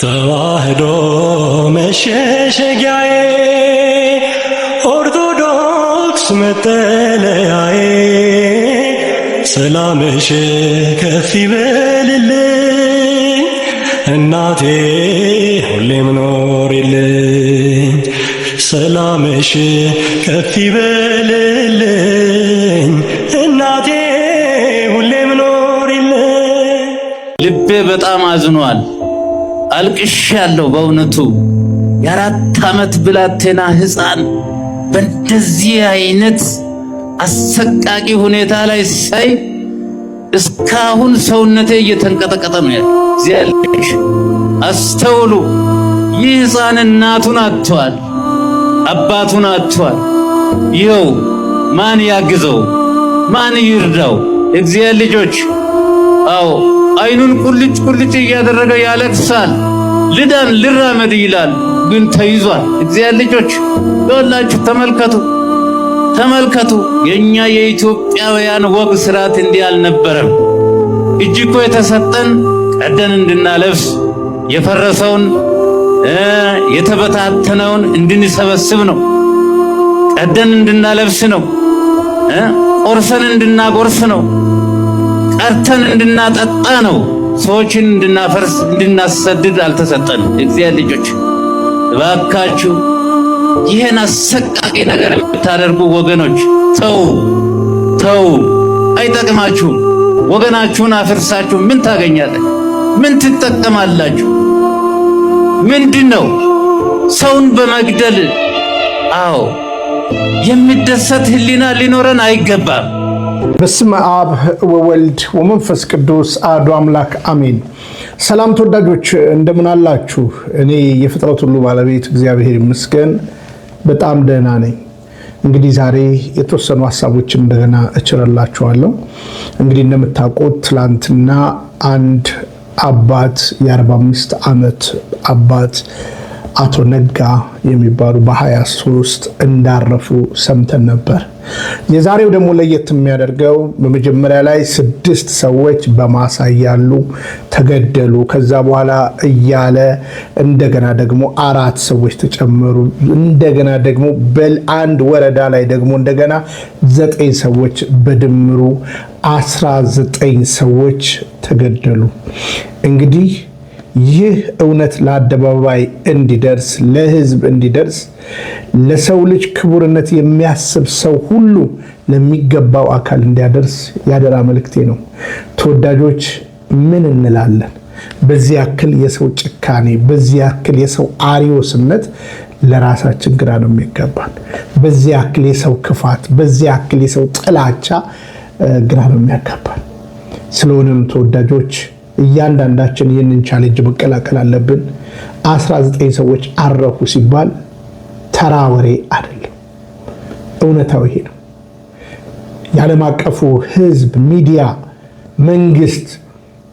ተዋህዶ መሸሸጊያዬ ኦርቶዶክስ መጠለያዬ ሰላምሽ ከፍ ይበልልኝ እናቴ ሁሌ ኖሪልኝ ሰላምሽ ከፍ ይበልልኝ እናቴ ሁሌ ኖሪልኝ ልቤ በጣም አዝኗል አልቅሽ ያለው በእውነቱ የአራት ዓመት ብላቴና ሕፃን በእንደዚህ አይነት አሰቃቂ ሁኔታ ላይ ሳይ እስካሁን ሰውነቴ እየተንቀጠቀጠ ነው ያለ። እግዚአብሔር አስተውሉ። ይህ ሕፃን እናቱን አጥቷል፣ አባቱን አጥቷል። ይኸው ማን ያግዘው? ማን ይርዳው? እግዚአብሔር ልጆች አዎ አይኑን ቁልጭ ቁልጭ እያደረገ ያለቅሳል። ልዳን ልራመድ ይላል፣ ግን ተይዟል። እግዚአብሔር ልጆች ይኸውላችሁ፣ ተመልከቱ ተመልከቱ። የኛ የኢትዮጵያውያን ወግ ስርዓት እንዲህ አልነበረም። እጅ እኮ የተሰጠን ቀደን እንድናለብስ የፈረሰውን የተበታተነውን እንድንሰበስብ ነው። ቀደን እንድናለብስ ነው። ቆርሰን እንድናጎርስ ነው። ጠርተን እንድናጠጣ ነው። ሰዎችን እንድናፈርስ እንድናሰድድ አልተሰጠን። እግዚአብሔር ልጆች እባካችሁ ይህን አሰቃቂ ነገር የምታደርጉ ወገኖች ተው ተው፣ አይጠቅማችሁም። ወገናችሁን አፍርሳችሁ ምን ታገኛለህ? ምን ትጠቀማላችሁ? ምንድን ነው ሰውን በመግደል አዎ የሚደሰት ህሊና ሊኖረን አይገባም። በስመ አብ ወወልድ ወመንፈስ ቅዱስ አሐዱ አምላክ አሜን። ሰላም ተወዳጆች እንደምን አላችሁ? እኔ የፍጥረት ሁሉ ባለቤት እግዚአብሔር ይመስገን በጣም ደህና ነኝ። እንግዲህ ዛሬ የተወሰኑ ሀሳቦችን እንደገና እችረላችኋለሁ። እንግዲህ እንደምታውቁት ትላንትና አንድ አባት የ45 ዓመት አባት አቶ ነጋ የሚባሉ በ23 እንዳረፉ ሰምተን ነበር። የዛሬው ደግሞ ለየት የሚያደርገው በመጀመሪያ ላይ ስድስት ሰዎች በማሳ ያሉ ተገደሉ። ከዛ በኋላ እያለ እንደገና ደግሞ አራት ሰዎች ተጨመሩ። እንደገና ደግሞ በአንድ ወረዳ ላይ ደግሞ እንደገና ዘጠኝ ሰዎች በድምሩ አስራ ዘጠኝ ሰዎች ተገደሉ እንግዲህ ይህ እውነት ለአደባባይ እንዲደርስ ለህዝብ እንዲደርስ ለሰው ልጅ ክቡርነት የሚያስብ ሰው ሁሉ ለሚገባው አካል እንዲያደርስ ያደራ መልእክቴ ነው። ተወዳጆች ምን እንላለን? በዚህ ያክል የሰው ጭካኔ፣ በዚህ ያክል የሰው አሪዮስነት ለራሳችን ግራ ነው የሚገባል። በዚህ ያክል የሰው ክፋት፣ በዚህ ያክል የሰው ጥላቻ ግራ ነው የሚያጋባል። ስለሆነም ተወዳጆች እያንዳንዳችን ይህንን ቻሌንጅ መቀላቀል አለብን። 19 ሰዎች አረፉ ሲባል ተራ ወሬ አይደለም፣ እውነታው ይሄ ነው። የዓለም አቀፉ ህዝብ ሚዲያ፣ መንግስት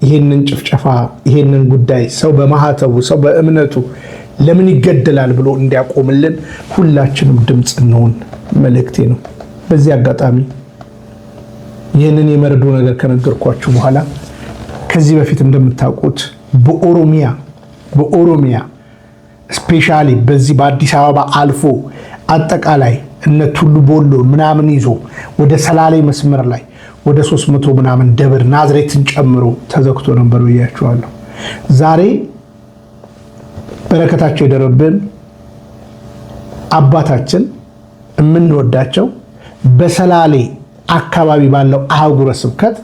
ይህንን ጭፍጨፋ ይህንን ጉዳይ ሰው በማህተቡ ሰው በእምነቱ ለምን ይገደላል ብሎ እንዲያቆምልን ሁላችንም ድምፅ እንሆን መልእክቴ ነው። በዚህ አጋጣሚ ይህንን የመርዶ ነገር ከነገርኳችሁ በኋላ ከዚህ በፊት እንደምታውቁት በኦሮሚያ በኦሮሚያ ስፔሻሊ በዚህ በአዲስ አበባ አልፎ አጠቃላይ እነ ቱሉ ቦሎ ምናምን ይዞ ወደ ሰላሌ መስመር ላይ ወደ 300 ምናምን ደብር ናዝሬትን ጨምሮ ተዘግቶ ነበር ብያችኋለሁ። ዛሬ በረከታቸው የደረብን አባታችን የምንወዳቸው በሰላሌ አካባቢ ባለው አህጉረ ስብከት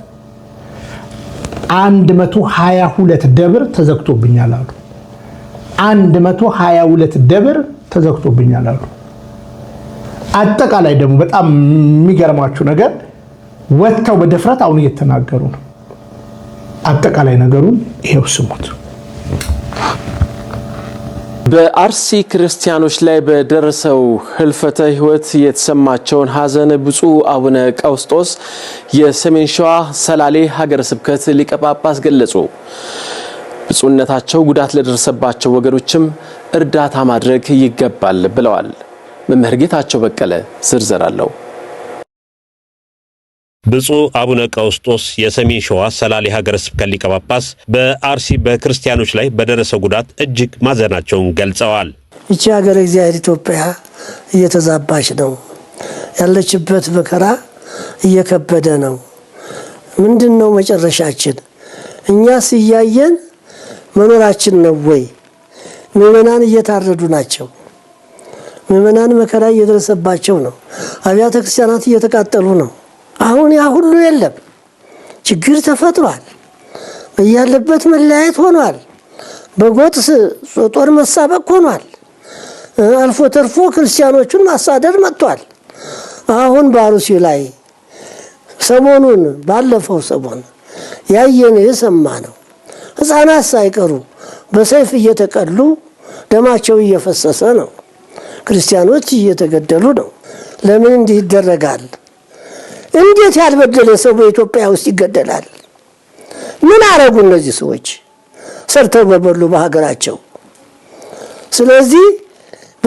አንድ መቶ ሀያ ሁለት ደብር ተዘግቶብኛል አሉ። አንድ መቶ ሀያ ሁለት ደብር ተዘግቶብኛል አሉ። አጠቃላይ ደግሞ በጣም የሚገርማችሁ ነገር ወጥተው በድፍረት አሁን እየተናገሩ ነው። አጠቃላይ ነገሩን ይሄው ስሙት። በአርሲ ክርስቲያኖች ላይ በደረሰው ህልፈተ ህይወት የተሰማቸውን ሀዘን ብፁዕ አቡነ ቀውስጦስ የሰሜን ሸዋ ሰላሌ ሀገረ ስብከት ሊቀ ጳጳስ ገለጹ። ብፁዕነታቸው ጉዳት ለደረሰባቸው ወገኖችም እርዳታ ማድረግ ይገባል ብለዋል። መምህር ጌታቸው በቀለ ዝርዝር አለው። ብፁዕ አቡነ ቀውስጦስ የሰሜን ሸዋ ሰላሌ ሀገረ ስብከት ሊቀ ጳጳስ በአርሲ በክርስቲያኖች ላይ በደረሰ ጉዳት እጅግ ማዘናቸውን ገልጸዋል። ይቺ ሀገረ እግዚአብሔር ኢትዮጵያ እየተዛባች ነው ያለችበት፣ መከራ እየከበደ ነው። ምንድን ነው መጨረሻችን? እኛስ እያየን መኖራችን ነው ወይ? ምዕመናን እየታረዱ ናቸው። ምዕመናን መከራ እየደረሰባቸው ነው። አብያተ ክርስቲያናት እየተቃጠሉ ነው። አሁን ያ ሁሉ የለም። ችግር ተፈጥሯል። እያለበት መለያየት ሆኗል። በጎጥ ጦር መሳበቅ ሆኗል። አልፎ ተርፎ ክርስቲያኖቹን ማሳደድ መጥቷል። አሁን ባሩሲ ላይ ሰሞኑን ባለፈው ሰሞን ያየን የሰማ ነው። ሕፃናት ሳይቀሩ በሰይፍ እየተቀሉ ደማቸው እየፈሰሰ ነው። ክርስቲያኖች እየተገደሉ ነው። ለምን እንዲህ ይደረጋል? እንዴት ያልበደለ ሰው በኢትዮጵያ ውስጥ ይገደላል? ምን አረጉ እነዚህ ሰዎች? ሰርተው በበሉ በሀገራቸው። ስለዚህ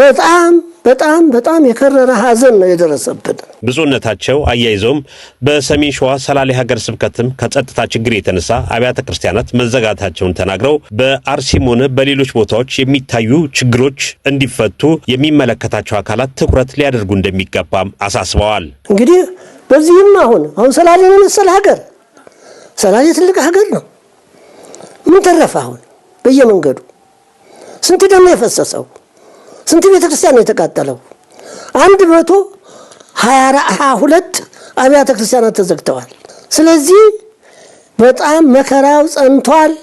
በጣም በጣም በጣም የከረረ ሐዘን ነው የደረሰብን። ብፁዕነታቸው አያይዘውም በሰሜን ሸዋ ሰላሌ ሀገር ስብከትም ከጸጥታ ችግር የተነሳ አብያተ ክርስቲያናት መዘጋታቸውን ተናግረው በአርሲም ሆነ በሌሎች ቦታዎች የሚታዩ ችግሮች እንዲፈቱ የሚመለከታቸው አካላት ትኩረት ሊያደርጉ እንደሚገባም አሳስበዋል። እንግዲህ በዚህም አሁን አሁን ሰላሌ የመሰለ ሀገር ሰላሌ ትልቅ ሀገር ነው። ምን ተረፈ? አሁን በየመንገዱ ስንት ደም የፈሰሰው ስንት ቤተክርስቲያን የተቃጠለው አንድ መቶ ሀያ ሁለት አብያተ ክርስቲያናት ተዘግተዋል። ስለዚህ በጣም መከራው ጸንቷል።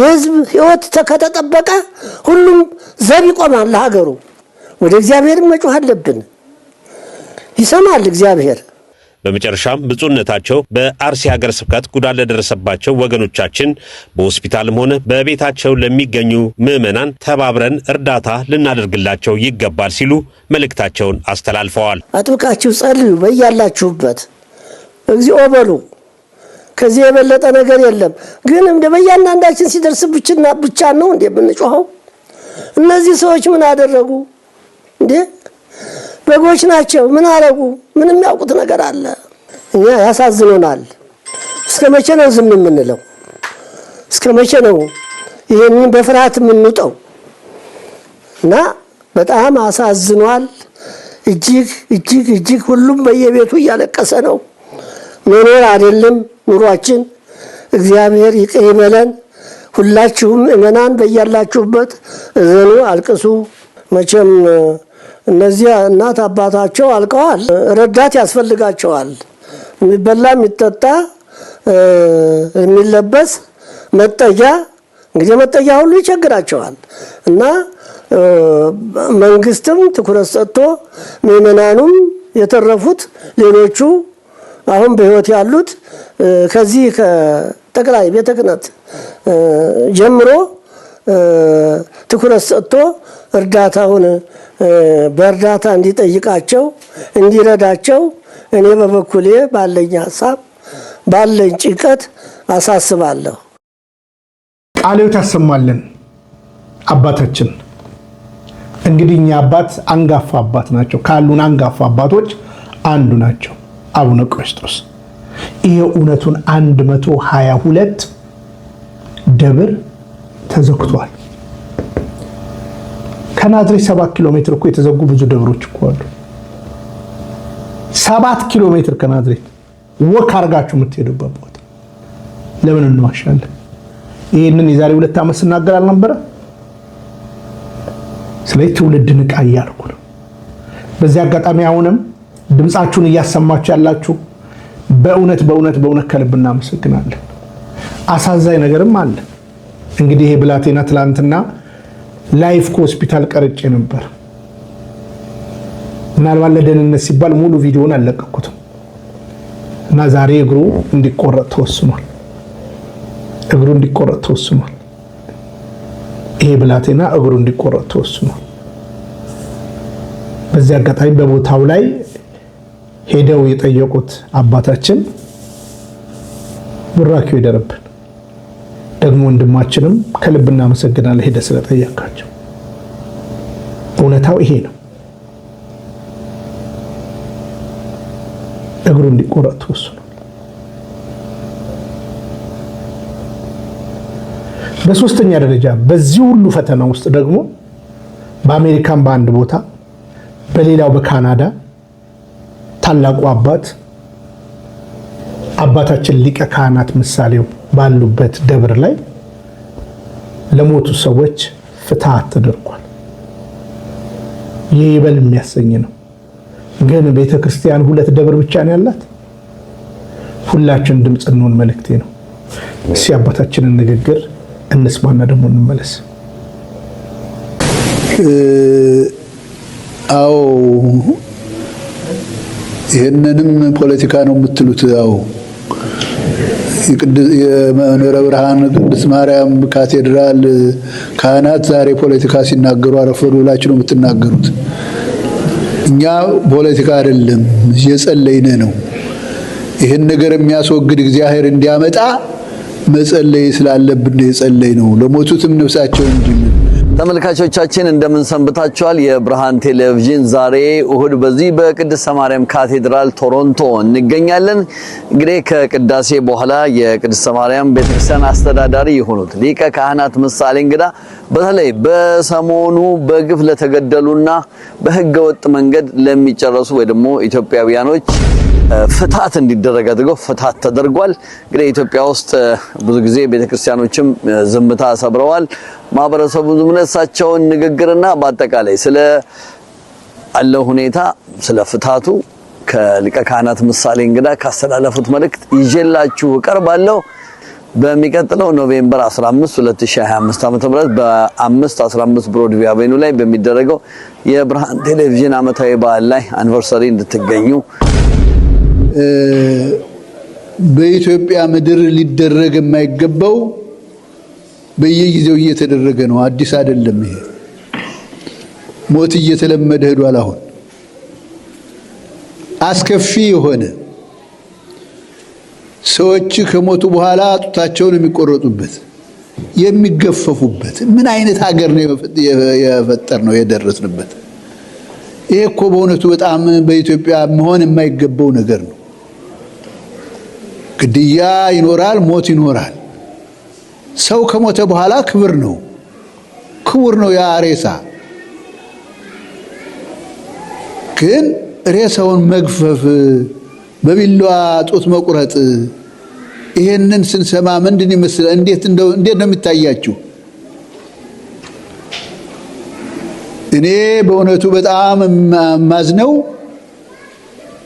የህዝብ ህይወት ከተጠበቀ ሁሉም ዘብ ይቆማል ለሀገሩ። ወደ እግዚአብሔር መጮህ አለብን። ይሰማል እግዚአብሔር። በመጨረሻም ብፁዕነታቸው በአርሲ ሀገረ ስብከት ጉዳት ለደረሰባቸው ወገኖቻችን በሆስፒታልም ሆነ በቤታቸው ለሚገኙ ምዕመናን ተባብረን እርዳታ ልናደርግላቸው ይገባል ሲሉ መልእክታቸውን አስተላልፈዋል። አጥብቃችሁ ጸልዩ፣ በያላችሁበት እግዚኦ በሉ። ከዚህ የበለጠ ነገር የለም። ግን እንደ በእያንዳንዳችን ሲደርስብችና ብቻ ነው እንደ የምንጮኸው። እነዚህ ሰዎች ምን አደረጉ እንዴ? በጎች ናቸው። ምን አረጉ? ምን የሚያውቁት ነገር አለ። እኛ ያሳዝኑናል። እስከ መቼ ነው ዝም የምንለው? እስከ መቼ ነው ይህንን በፍርሃት የምንውጠው? እና በጣም አሳዝኗል። እጅግ እጅግ እጅግ ሁሉም በየቤቱ እያለቀሰ ነው። መኖር አይደለም ኑሯችን። እግዚአብሔር ይቅር ይበለን። ሁላችሁም እመናን በያላችሁበት እዘኑ፣ አልቅሱ። መቼም እነዚያ እናት አባታቸው አልቀዋል። ረዳት ያስፈልጋቸዋል። የሚበላ የሚጠጣ የሚለበስ መጠጊያ እንግዲህ መጠጊያ ሁሉ ይቸግራቸዋል እና መንግስትም ትኩረት ሰጥቶ ምዕመናኑም የተረፉት ሌሎቹ አሁን በሕይወት ያሉት ከዚህ ከጠቅላይ ቤተ ክህነት ጀምሮ ትኩረት ሰጥቶ እርዳታውን በእርዳታ እንዲጠይቃቸው እንዲረዳቸው እኔ በበኩሌ ባለኝ ሀሳብ ባለኝ ጭንቀት አሳስባለሁ። ቃልዎት ያሰማልን አባታችን። እንግዲህ እኛ አባት አንጋፋ አባት ናቸው፣ ካሉን አንጋፋ አባቶች አንዱ ናቸው አቡነ ቀውስጦስ። ይሄ እውነቱን 122 ደብር ተዘግቷል። ከናዝሬት ሰባት ኪሎ ሜትር እኮ የተዘጉ ብዙ ደብሮች እኮ አሉ። ሰባት ኪሎ ሜትር ከናዝሬት ወክ አድርጋችሁ የምትሄዱበት ቦታ ለምን እንዋሻለን? ይህንን የዛሬ ሁለት ዓመት ስናገር አልነበረ? ስለዚህ ትውልድ ንቃ እያልኩ ነው። በዚህ አጋጣሚ አሁንም ድምፃችሁን እያሰማችሁ ያላችሁ በእውነት በእውነት በእውነት ከልብ እናመሰግናለን። አሳዛኝ ነገርም አለ እንግዲህ ይሄ ብላቴና ትላንትና ላይፍ ከሆስፒታል ቀርጬ ነበር። ምናልባት ለደህንነት ሲባል ሙሉ ቪዲዮን አልለቀኩትም እና ዛሬ እግሩ እንዲቆረጥ ተወስኗል። እግሩ እንዲቆረጥ ተወስኗል። ይሄ ብላቴና እግሩ እንዲቆረጥ ተወስኗል። በዚህ አጋጣሚ በቦታው ላይ ሄደው የጠየቁት አባታችን ቡራኪው ይደርብን። ደግሞ ወንድማችንም ከልብ እናመሰግናለን፣ ሄደ ስለጠየካቸው። እውነታው ይሄ ነው። እግሩ እንዲቆረጥ ተወስኗል። በሶስተኛ ደረጃ በዚህ ሁሉ ፈተና ውስጥ ደግሞ በአሜሪካን በአንድ ቦታ በሌላው በካናዳ ታላቁ አባት አባታችን ሊቀ ካህናት ምሳሌው ባሉበት ደብር ላይ ለሞቱ ሰዎች ፍትሐት ተደርጓል። ይህ ይበል የሚያሰኝ ነው። ግን ቤተ ክርስቲያን ሁለት ደብር ብቻ ነው ያላት። ሁላችን ድምፅ እንሆን መልእክቴ ነው። እስኪ አባታችንን ንግግር እንስማና ደግሞ እንመለስ። አዎ ይህንንም ፖለቲካ ነው የምትሉት? አዎ የመኖረ ብርሃን ቅድስት ማርያም ካቴድራል ካህናት ዛሬ ፖለቲካ ሲናገሩ አረፈዱ ብላችሁ ነው የምትናገሩት። እኛ ፖለቲካ አይደለም የጸለይነ ነው። ይህን ነገር የሚያስወግድ እግዚአብሔር እንዲያመጣ መጸለይ ስላለብን የጸለይ ነው። ለሞቱትም ነፍሳቸው እንዲ ተመልካቾቻችን እንደምን ሰንብታችኋል? የብርሃን ቴሌቪዥን ዛሬ እሁድ በዚህ በቅድስተ ማርያም ካቴድራል ቶሮንቶ እንገኛለን። እንግዲህ ከቅዳሴ በኋላ የቅድስተ ማርያም ቤተክርስቲያን አስተዳዳሪ የሆኑት ሊቀ ካህናት ምሳሌ እንግዳ በተለይ በሰሞኑ በግፍ ለተገደሉና በህገወጥ መንገድ ለሚጨረሱ ወይ ደግሞ ኢትዮጵያውያኖች ፍታት እንዲደረግ አድርገው ፍታት ተደርጓል። እንግዲህ ኢትዮጵያ ውስጥ ብዙ ጊዜ ቤተክርስቲያኖችም ዝምታ ሰብረዋል። ማህበረሰቡ ዝምነሳቸውን ንግግርና በአጠቃላይ ስለ አለው ሁኔታ ስለ ፍታቱ ከሊቀ ካህናት ምሳሌ እንግዳ ካስተላለፉት መልእክት ይዤላችሁ እቀርባለሁ። በሚቀጥለው ኖቬምበር 15 2025 ዓ.ም በ5:15 ብሮድቪ አቬኑ ላይ በሚደረገው የብርሃን ቴሌቪዥን ዓመታዊ በዓል ላይ አኒቨርሰሪ እንድትገኙ በኢትዮጵያ ምድር ሊደረግ የማይገባው በየጊዜው እየተደረገ ነው። አዲስ አይደለም። ይሄ ሞት እየተለመደ ሄዷል። አሁን አስከፊ የሆነ ሰዎች ከሞቱ በኋላ ጡታቸውን የሚቆረጡበት የሚገፈፉበት ምን አይነት ሀገር ነው የፈጠር ነው የደረስንበት? ይሄ እኮ በእውነቱ በጣም በኢትዮጵያ መሆን የማይገባው ነገር ነው። ግድያ ይኖራል፣ ሞት ይኖራል። ሰው ከሞተ በኋላ ክብር ነው ክቡር ነው ያ ሬሳ። ግን ሬሳውን መግፈፍ፣ በቢላዋ ጡት መቁረጥ ይሄንን ስንሰማ ምንድን ይመስላል? እንዴት ነው የሚታያችሁ? እኔ በእውነቱ በጣም የማዝነው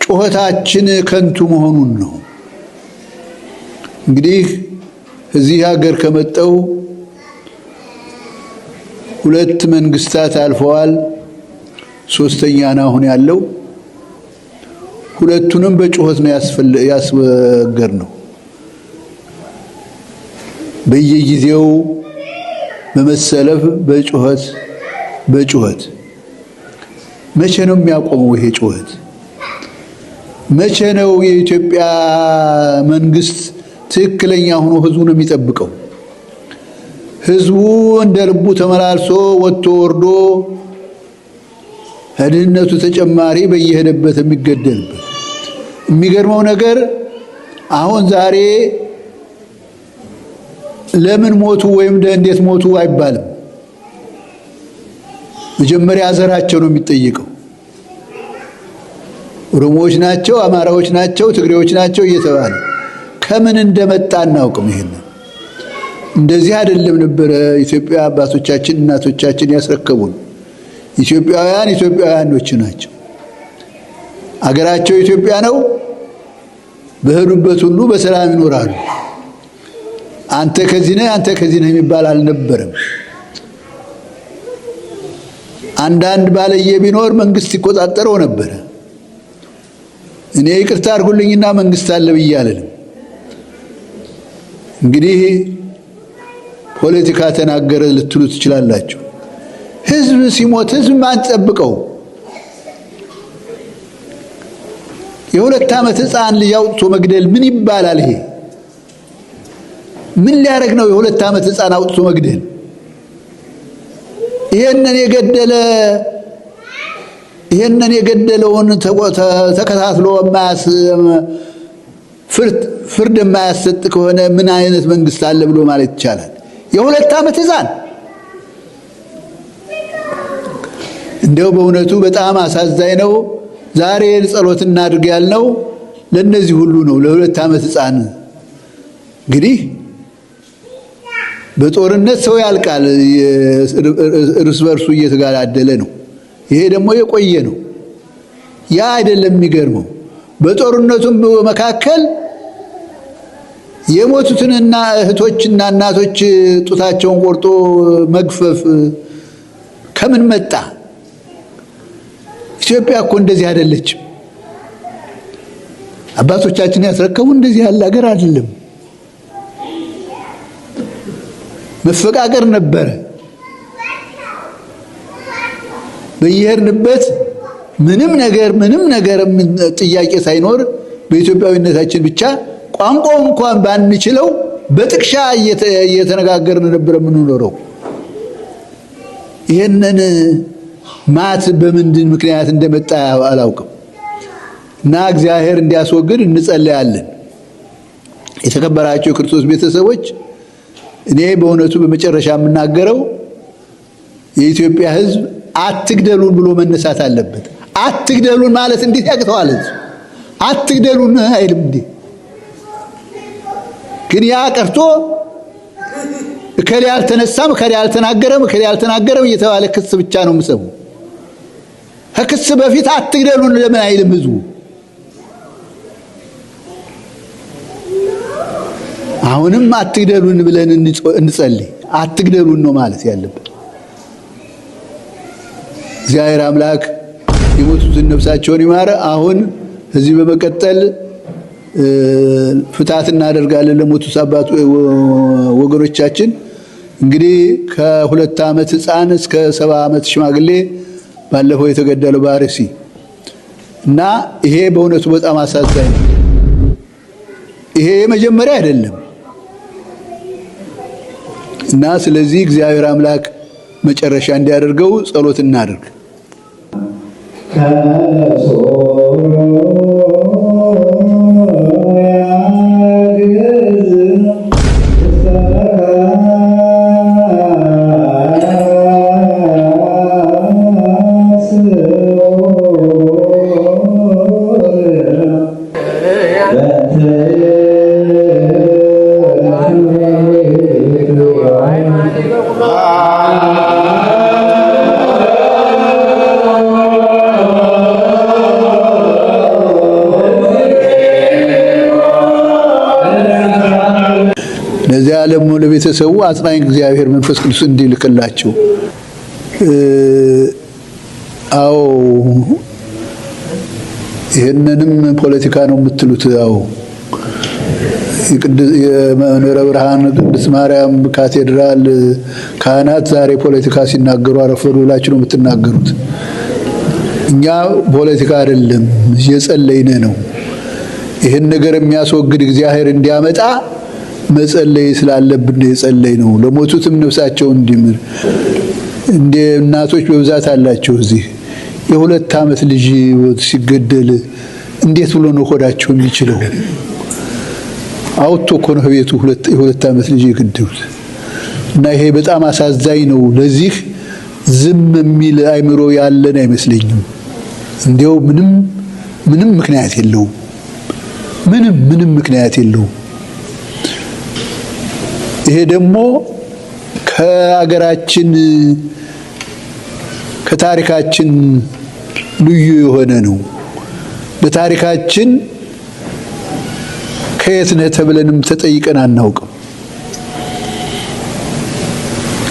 ጩኸታችን ከንቱ መሆኑን ነው። እንግዲህ እዚህ ሀገር ከመጠው ሁለት መንግስታት አልፈዋል። ሶስተኛ ነው አሁን ያለው። ሁለቱንም በጩኸት ነው ያስወገድ ነው። በየጊዜው በመሰለፍ በጩኸት በጩኸት መቼ ነው የሚያቆመው ይሄ ጩኸት? መቼ ነው የኢትዮጵያ መንግስት ትክክለኛ ሆኖ ህዝቡ ነው የሚጠብቀው። ህዝቡ እንደ ልቡ ተመላልሶ ወጥቶ ወርዶ ከድህነቱ ተጨማሪ በየሄደበት የሚገደልበት። የሚገርመው ነገር አሁን ዛሬ ለምን ሞቱ ወይም እንዴት ሞቱ አይባልም። መጀመሪያ ዘራቸው ነው የሚጠየቀው። ኦሮሞዎች ናቸው፣ አማራዎች ናቸው፣ ትግሬዎች ናቸው እየተባለ ከምን እንደመጣ አናውቅም። ይሄን እንደዚህ አይደለም ነበረ ኢትዮጵያ አባቶቻችን እናቶቻችን ያስረከቡን። ኢትዮጵያውያን ኢትዮጵያውያኖች ናቸው። አገራቸው ኢትዮጵያ ነው። በሄዱበት ሁሉ በሰላም ይኖራሉ። አንተ ከዚህ ነህ አንተ ከዚህ ነህ የሚባል አልነበረም። አንዳንድ ባለየ ቢኖር መንግስት ይቆጣጠረው ነበረ። እኔ ይቅርታ አድርጉልኝና መንግስት አለ ብዬ አልልም። እንግዲህ ፖለቲካ ተናገረ ልትሉ ትችላላችሁ። ህዝብ ሲሞት ህዝብ ማን ጠብቀው? የሁለት ዓመት ህፃን ልጅ አውጥቶ መግደል ምን ይባላል? ይሄ ምን ሊያደርግ ነው? የሁለት ዓመት ህፃን አውጥቶ መግደል። ይሄንን የገደለ ይሄንን የገደለውን ተከታትሎ ማያስ ፍርድ ፍርድ የማያሰጥ ከሆነ ምን አይነት መንግስት አለ ብሎ ማለት ይቻላል። የሁለት ዓመት ህፃን እንደው በእውነቱ በጣም አሳዛኝ ነው። ዛሬ ጸሎት እናድርግ ያልነው ለእነዚህ ሁሉ ነው። ለሁለት ዓመት ህፃን እንግዲህ በጦርነት ሰው ያልቃል፣ እርስ በርሱ እየተጋዳደለ ነው። ይሄ ደግሞ የቆየ ነው። ያ አይደለም የሚገርመው በጦርነቱም መካከል የሞቱትንና እህቶችና እናቶች ጡታቸውን ቆርጦ መግፈፍ ከምን መጣ? ኢትዮጵያ እኮ እንደዚህ አይደለችም። አባቶቻችን ያስረከቡ እንደዚህ ያለ ሀገር አይደለም። መፈቃቀር ነበረ። በየሄድንበት ምንም ነገር ምንም ነገር ጥያቄ ሳይኖር በኢትዮጵያዊነታችን ብቻ ቋንቋው እንኳን ባንችለው በጥቅሻ እየተነጋገርን ነበር የምንኖረው። ይህንን ማት በምንድን ምክንያት እንደመጣ አላውቅም። እና እግዚአብሔር እንዲያስወግድ እንጸለያለን። የተከበራቸው የክርስቶስ ቤተሰቦች፣ እኔ በእውነቱ በመጨረሻ የምናገረው የኢትዮጵያ ሕዝብ አትግደሉን ብሎ መነሳት አለበት። አትግደሉን ማለት እንዴት ያቅተዋል? አትግደሉን አይልም እንዴ? ግን ያ ቀርቶ እከሌ አልተነሳም፣ እከሌ አልተናገረም፣ እከሌ አልተናገረም እየተባለ ክስ ብቻ ነው የምሰሙ። ከክስ በፊት አትግደሉን ለምን አይልም ህዝቡ? አሁንም አትግደሉን ብለን እንጸልይ። አትግደሉን ነው ማለት ያለብን። እግዚአብሔር አምላክ የሞቱትን ነፍሳቸውን ይማረ። አሁን እዚህ በመቀጠል ፍትሐት እናደርጋለን ለሞቱት አባት ወገኖቻችን። እንግዲህ ከሁለት ዓመት ህፃን እስከ ሰባ ዓመት ሽማግሌ ባለፈው የተገደለው በአርሲ እና ይሄ በእውነቱ በጣም አሳዛኝ ነው። ይሄ የመጀመሪያ አይደለም እና ስለዚህ እግዚአብሔር አምላክ መጨረሻ እንዲያደርገው ጸሎት እናደርግ። ለቤተሰቡ አጽናኝ እግዚአብሔር መንፈስ ቅዱስ እንዲልክላችሁ። አዎ ይህንንም ፖለቲካ ነው የምትሉት። አዎ የመንበረ ብርሃን ቅድስት ማርያም ካቴድራል ካህናት ዛሬ ፖለቲካ ሲናገሩ አረፈዱ ብላችሁ ነው የምትናገሩት። እኛ ፖለቲካ አይደለም፣ የጸለይነ ነው። ይህን ነገር የሚያስወግድ እግዚአብሔር እንዲያመጣ መጸለይ ስላለብን የጸለይ ነው። ለሞቱትም ነፍሳቸውን እንዲምር እንደ እናቶች በብዛት አላቸው። እዚህ የሁለት ዓመት ልጅ ሕይወት ሲገደል እንዴት ብሎ ነው ሆዳቸው የሚችለው? አውቶ እኮ ነው ቤቱ የሁለት ዓመት ልጅ የገደሉት። እና ይሄ በጣም አሳዛኝ ነው። ለዚህ ዝም የሚል አይምሮ ያለን አይመስለኝም። እንዲያው ምንም ምንም ምክንያት የለውም። ምንም ምንም ምክንያት የለውም። ይሄ ደግሞ ከሀገራችን ከታሪካችን ልዩ የሆነ ነው። በታሪካችን ከየት ነህ ተብለንም ተጠይቀን አናውቅም።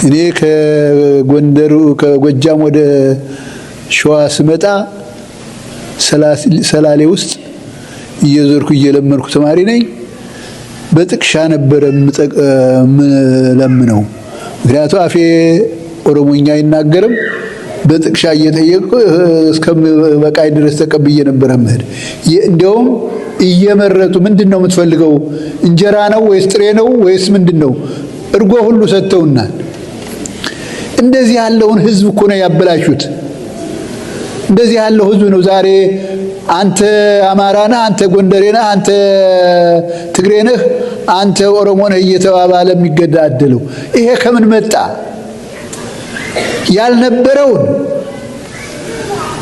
እኔ ከጎንደሩ ከጎጃም ወደ ሸዋ ስመጣ ሰላሌ ውስጥ እየዞርኩ እየለመድኩ ተማሪ ነኝ። በጥቅሻ ነበረ ምለምነው። ምክንያቱ አፌ ኦሮሞኛ አይናገርም። በጥቅሻ እየጠየቁ እስከበቃይ ድረስ ተቀብዬ ነበረ ምህድ እንዲያውም እየመረጡ ምንድን ነው የምትፈልገው? እንጀራ ነው ወይስ ጥሬ ነው ወይስ ምንድን ነው? እርጎ ሁሉ ሰጥተውናል። እንደዚህ ያለውን ህዝብ እኮ ነው ያበላሹት። እንደዚህ ያለው ህዝብ ነው ዛሬ አንተ አማራ ነህ፣ አንተ ጎንደሬ ነህ፣ አንተ ትግሬ ነህ፣ አንተ ኦሮሞ ነህ እየተባባለ የሚገዳደለው ይሄ ከምን መጣ? ያልነበረውን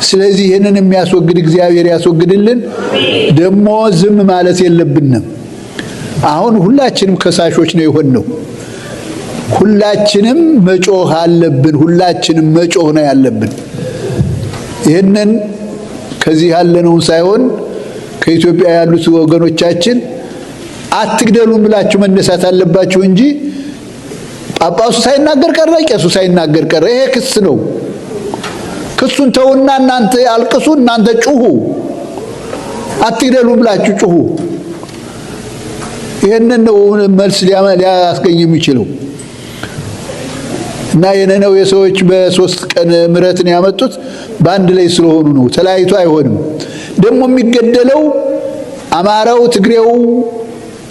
ስለዚህ ይህንን የሚያስወግድ እግዚአብሔር ያስወግድልን። ደግሞ ዝም ማለት የለብንም። አሁን ሁላችንም ከሳሾች ነው ነው ሁላችንም መጮህ አለብን። ሁላችንም መጮህ ነው ያለብን ይህንን ከዚህ ያለነውን ሳይሆን ከኢትዮጵያ ያሉት ወገኖቻችን አትግደሉም ብላችሁ መነሳት አለባችሁ እንጂ ጳጳሱ ሳይናገር ቀረ፣ ቄሱ ሳይናገር ቀረ። ይሄ ክስ ነው። ክሱን ተውና እናንተ አልቅሱ፣ እናንተ ጩሁ፣ አትግደሉም ብላችሁ ጩሁ። ይህንን ነው መልስ ሊያስገኝ የሚችለው። እና የነነው የሰዎች በሶስት ቀን ምሕረትን ያመጡት በአንድ ላይ ስለሆኑ ነው። ተለያይቶ አይሆንም። ደግሞ የሚገደለው አማራው፣ ትግሬው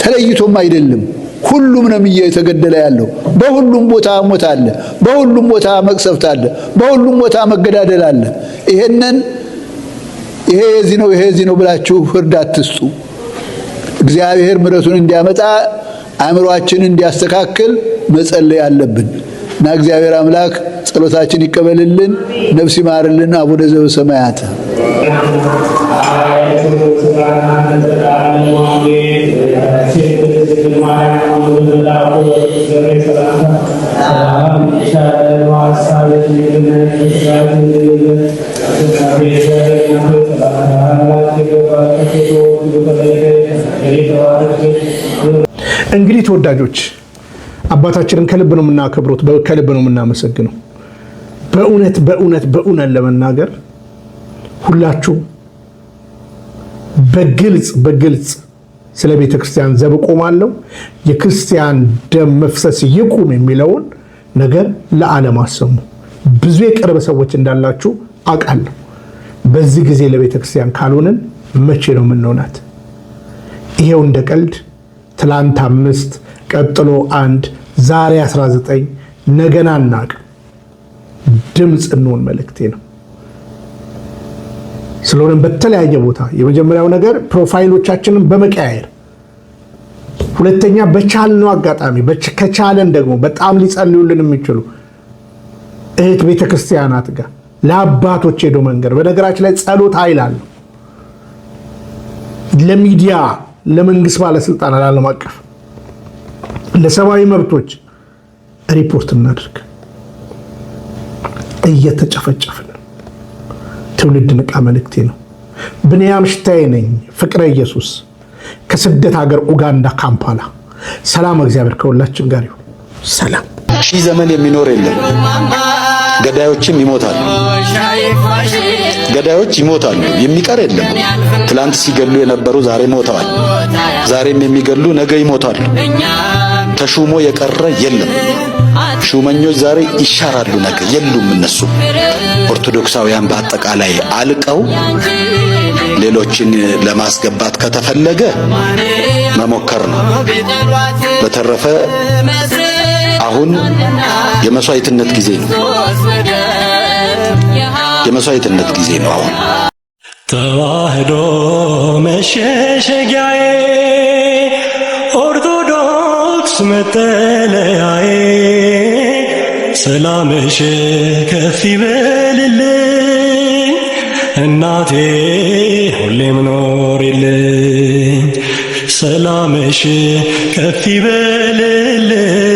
ተለይቶም አይደለም። ሁሉም ነው የተገደለ ያለው። በሁሉም ቦታ ሞት አለ፣ በሁሉም ቦታ መቅሰፍት አለ፣ በሁሉም ቦታ መገዳደል አለ። ይሄንን ይሄ የዚህ ነው ይሄ የዚህ ነው ብላችሁ ፍርድ አትስጡ። እግዚአብሔር ምሕረቱን እንዲያመጣ አእምሯችንን እንዲያስተካክል መጸለይ አለብን እና እግዚአብሔር አምላክ ጸሎታችን ይቀበልልን፣ ነፍስ ይማርልን። አቡነ ዘበሰማያት እንግዲህ ተወዳጆች አባታችንን ከልብ ነው የምናከብሩት፣ ከልብ ነው የምናመሰግነው። በእውነት በእውነት በእውነት ለመናገር ሁላችሁም በግልጽ በግልጽ ስለ ቤተ ክርስቲያን ዘብ እቆማለሁ፣ የክርስቲያን ደም መፍሰስ ይቁም የሚለውን ነገር ለዓለም አሰሙ። ብዙ የቅርብ ሰዎች እንዳላችሁ አውቃለሁ። በዚህ ጊዜ ለቤተ ክርስቲያን ካልሆንን መቼ ነው የምንሆናት? ይሄው እንደ ቀልድ ትላንት አምስት ቀጥሎ አንድ ዛሬ 19 ነገና እናቅ ድምፅ እንሆን መልእክቴ ነው። ስለሆነም በተለያየ ቦታ የመጀመሪያው ነገር ፕሮፋይሎቻችንን በመቀያየር ሁለተኛ በቻልነው አጋጣሚ ከቻለን ደግሞ በጣም ሊጸልዩልን የሚችሉ እህት ቤተክርስቲያናት ጋር ለአባቶች ሄዶ መንገድ በነገራችን ላይ ጸሎት ኃይል አለው። ለሚዲያ ለመንግስት ባለስልጣናት ዓለም አቀፍ ለሰብአዊ መብቶች ሪፖርት እናድርግ። እየተጨፈጨፍን ትውልድ ንቃ፣ መልእክቴ ነው። ብንያም ሽታዬ ነኝ፣ ፍቅረ ኢየሱስ ከስደት ሀገር ኡጋንዳ ካምፓላ። ሰላም፣ እግዚአብሔር ከሁላችን ጋር ይሁን። ሰላም። ሺህ ዘመን የሚኖር የለም። ገዳዮችም ይሞታሉ፣ ገዳዮች ይሞታሉ። የሚቀር የለም። ትላንት ሲገሉ የነበሩ ዛሬ ሞተዋል። ዛሬም የሚገሉ ነገ ይሞታሉ። ተሹሞ የቀረ የለም። ሹመኞች ዛሬ ይሻራሉ፣ ነገ የሉም እነሱ። ኦርቶዶክሳውያን በአጠቃላይ አልቀው ሌሎችን ለማስገባት ከተፈለገ መሞከር ነው። በተረፈ አሁን የመስዋዕትነት ጊዜ ነው። የመስዋዕትነት ጊዜ ነው አሁን ተዋህዶ መሸሸጊያዬ መጠለያዬ ሰላምሽ ከፍ ይበልልኝ እናቴ ሁሌ ኖሪልኝ ሰላምሽ ከፍ ይበልልኝ